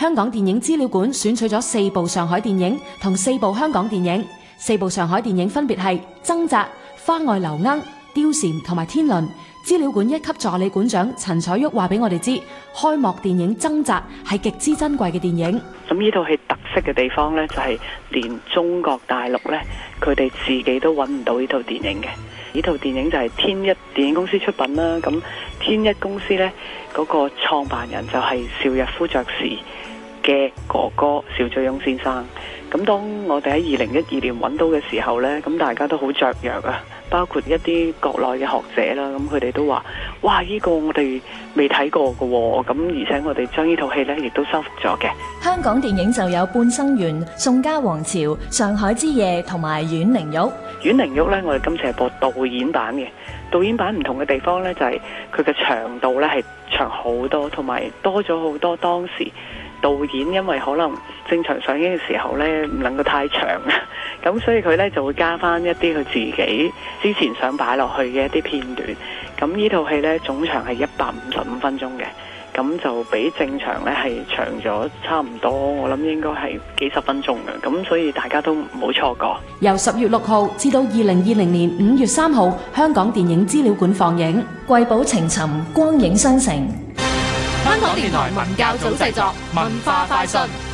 香港電影資料館選取咗四部上海電影同四部香港電影，四部上海電影分別係《掙扎》《花外流鶯》《貂蟬》同埋《天倫》。資料館一級助理館長陳彩旭話俾我哋知，開幕電影《掙扎》係極之珍貴嘅電影。咁呢套戲特色嘅地方呢，就係、是、連中國大陸呢，佢哋自己都揾唔到呢套電影嘅。呢套電影就係天一電影公司出品啦。咁天一公司呢，嗰、那個創辦人就係邵逸夫爵士嘅哥哥邵醉翁先生。咁當我哋喺二零一二年揾到嘅時候呢，咁大家都好雀躍啊。包括一啲國內嘅學者啦，咁佢哋都話：哇！呢個我哋未睇過嘅，咁而且我哋將呢套戲呢亦都修復咗嘅。香港電影就有《半生緣》、《宋家皇朝》、《上海之夜》同埋《阮玲玉》。阮玲玉呢，我哋今次係播導演版嘅。導演版唔同嘅地方呢，就係佢嘅長度呢係長好多，同埋多咗好多當時。導演因為可能正常上映嘅時候咧唔能夠太長，咁所以佢咧就會加翻一啲佢自己之前想擺落去嘅一啲片段。咁呢套戲咧總長係一百五十五分鐘嘅，咁就比正常咧係長咗差唔多，我諗應該係幾十分鐘嘅，咁所以大家都唔好錯過。由十月六號至到二零二零年五月三號，香港電影資料館放映《貴寶情尋光影新城》。香港電台文教組製作，文，作文化快訊。